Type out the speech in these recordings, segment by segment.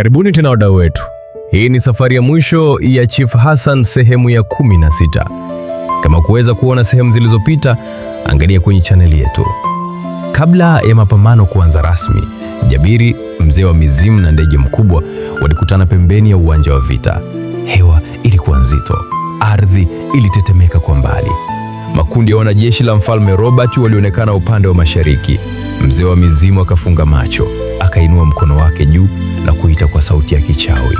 Karibuni tena wadau wetu. Hii ni safari ya mwisho ya Chief Hassan sehemu ya kumi na sita Kama kuweza kuona sehemu zilizopita, angalia kwenye chaneli yetu. Kabla ya mapambano kuanza rasmi, Jabiri mzee wa mizimu na ndege mkubwa walikutana pembeni ya uwanja wa vita. Hewa ilikuwa nzito, ardhi ilitetemeka kwa mbali. Makundi ya wanajeshi la mfalme Robert walionekana upande wa mashariki. Mzee wa mizimu akafunga macho akainua mkono wake juu na kuita kwa sauti ya kichawi.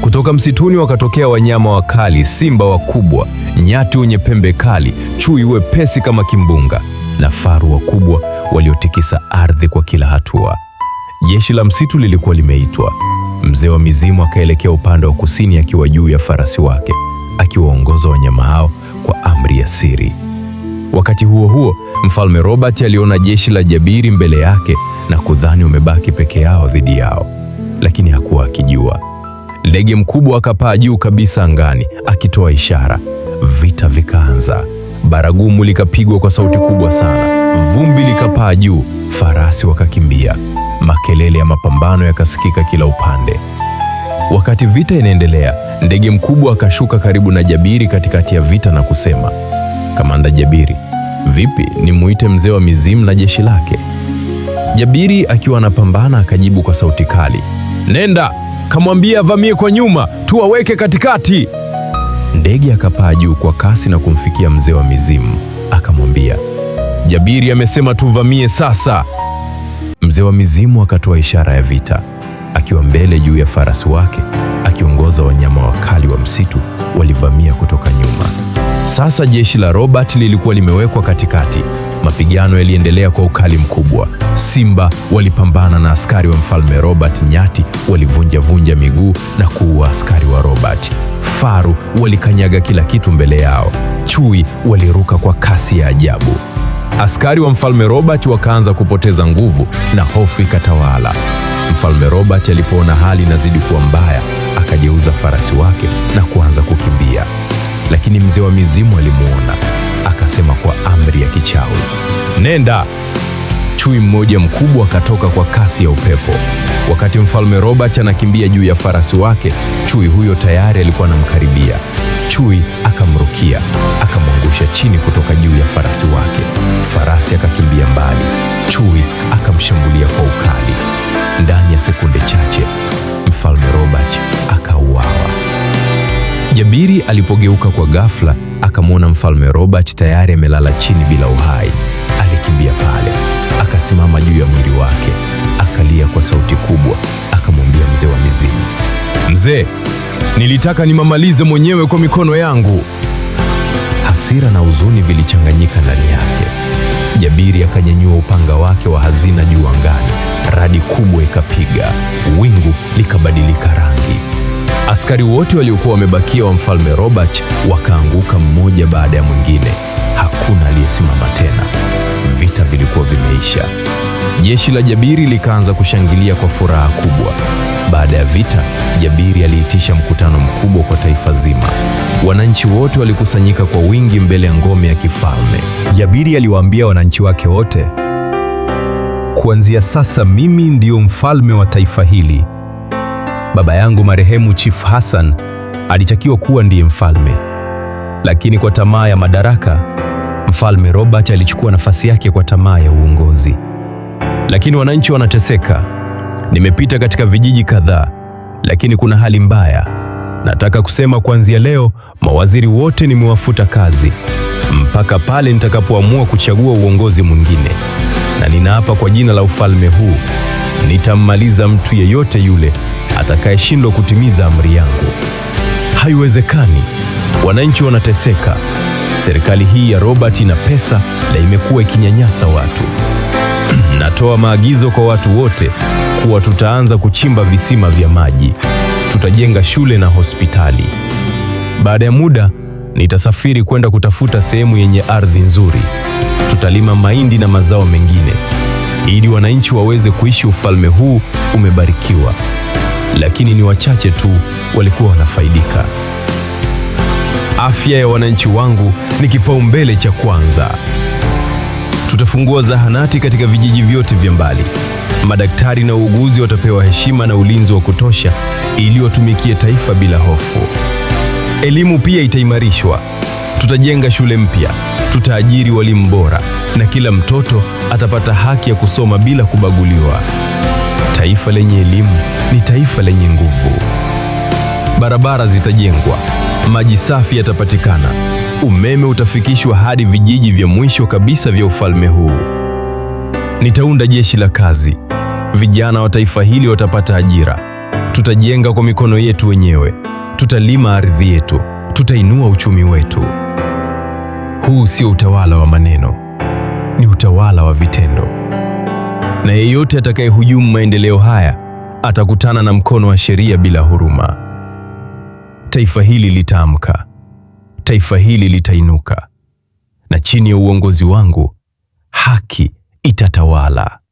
Kutoka msituni wakatokea wanyama wakali, simba wakubwa, nyati wenye pembe kali, chui wepesi kama kimbunga na faru wakubwa waliotikisa ardhi kwa kila hatua. Jeshi la msitu lilikuwa limeitwa. Mzee wa mizimu akaelekea upande wa kusini akiwa juu ya farasi wake, akiwaongoza wanyama hao kwa amri ya siri. Wakati huo huo, Mfalme Robert aliona jeshi la Jabiri mbele yake na kudhani umebaki peke yao dhidi yao, lakini hakuwa akijua. Ndege mkubwa akapaa juu kabisa angani akitoa ishara. Vita vikaanza. Baragumu likapigwa kwa sauti kubwa sana, vumbi likapaa juu, farasi wakakimbia. Makelele ya mapambano yakasikika kila upande. Wakati vita inaendelea, ndege mkubwa akashuka karibu na Jabiri katikati ya vita na kusema kamanda Jabiri, vipi nimuite mzee wa mizimu na jeshi lake? Jabiri akiwa anapambana akajibu kwa sauti kali, nenda kamwambia avamie kwa nyuma, tuwaweke katikati. Ndege akapaa juu kwa kasi na kumfikia mzee wa mizimu, akamwambia, Jabiri amesema tuvamie sasa. Mzee wa mizimu akatoa ishara ya vita, akiwa mbele juu ya farasi wake, akiongoza wanyama wakali wa msitu walivamia kutoka nyuma. Sasa jeshi la Robert lilikuwa limewekwa katikati. Mapigano yaliendelea kwa ukali mkubwa. Simba walipambana na askari wa Mfalme Robert Nyati, walivunja vunja miguu na kuua askari wa Robert. Faru walikanyaga kila kitu mbele yao. Chui waliruka kwa kasi ya ajabu. Askari wa Mfalme Robert wakaanza kupoteza nguvu na hofu ikatawala. Mfalme Robert alipoona hali inazidi kuwa mbaya, akageuza farasi wake na kuanza kukimbia lakini mzee wa mizimu alimuona akasema kwa amri ya kichawi, nenda. Chui mmoja mkubwa akatoka kwa kasi ya upepo. Wakati mfalme Robert anakimbia juu ya farasi wake, chui huyo tayari alikuwa anamkaribia. Chui akamrukia akamwangusha chini kutoka juu ya farasi wake. Farasi akakimbia mbali, chui akamshambulia kwa ukali. Ndani ya sekunde chache Jabiri alipogeuka kwa ghafla, akamwona Mfalme Robert tayari amelala chini bila uhai. Alikimbia pale, akasimama juu ya mwili wake, akalia kwa sauti kubwa, akamwambia mzee wa mizimu, "Mzee, nilitaka nimamalize mwenyewe kwa mikono yangu." Hasira na huzuni vilichanganyika ndani yake. Jabiri akanyanyua upanga wake wa hazina juu angani. Radi kubwa ikapiga, wingu likabadilika rangi. Askari wote waliokuwa wamebakia wa Mfalme Robert wakaanguka mmoja baada ya mwingine. Hakuna aliyesimama tena. Vita vilikuwa vimeisha. Jeshi la Jabiri likaanza kushangilia kwa furaha kubwa. Baada ya vita, Jabiri aliitisha mkutano mkubwa kwa taifa zima. Wananchi wote walikusanyika kwa wingi mbele ya ngome ya kifalme. Jabiri aliwaambia wananchi wake wote, kuanzia sasa mimi ndiyo mfalme wa taifa hili. Baba yangu marehemu Chief Hassan alitakiwa kuwa ndiye mfalme, lakini kwa tamaa ya madaraka, Mfalme Robert alichukua nafasi yake kwa tamaa ya uongozi. Lakini wananchi wanateseka. Nimepita katika vijiji kadhaa, lakini kuna hali mbaya. Nataka kusema kuanzia leo mawaziri wote nimewafuta kazi mpaka pale nitakapoamua kuchagua uongozi mwingine, na ninaapa kwa jina la ufalme huu nitamaliza mtu yeyote yule atakayeshindwa kutimiza amri yangu. Haiwezekani. Wananchi wanateseka. Serikali hii ya Robert ina pesa na imekuwa ikinyanyasa watu. Natoa maagizo kwa watu wote kuwa tutaanza kuchimba visima vya maji, tutajenga shule na hospitali. Baada ya muda nitasafiri kwenda kutafuta sehemu yenye ardhi nzuri, tutalima mahindi na mazao mengine, ili wananchi waweze kuishi. Ufalme huu umebarikiwa lakini ni wachache tu walikuwa wanafaidika. Afya ya wananchi wangu ni kipaumbele cha kwanza. Tutafungua zahanati katika vijiji vyote vya mbali. Madaktari na uuguzi watapewa heshima na ulinzi wa kutosha ili watumikie taifa bila hofu. Elimu pia itaimarishwa. Tutajenga shule mpya, tutaajiri walimu bora na kila mtoto atapata haki ya kusoma bila kubaguliwa. Taifa lenye elimu ni taifa lenye nguvu. Barabara zitajengwa, maji safi yatapatikana, umeme utafikishwa hadi vijiji vya mwisho kabisa vya ufalme huu. Nitaunda jeshi la kazi, vijana wa taifa hili watapata ajira. Tutajenga kwa mikono yetu wenyewe, tutalima ardhi yetu, tutainua uchumi wetu. Huu sio utawala wa maneno, ni utawala wa vitendo na yeyote atakayehujumu maendeleo haya atakutana na mkono wa sheria bila huruma. Taifa hili litaamka, taifa hili litainuka, na chini ya uongozi wangu haki itatawala.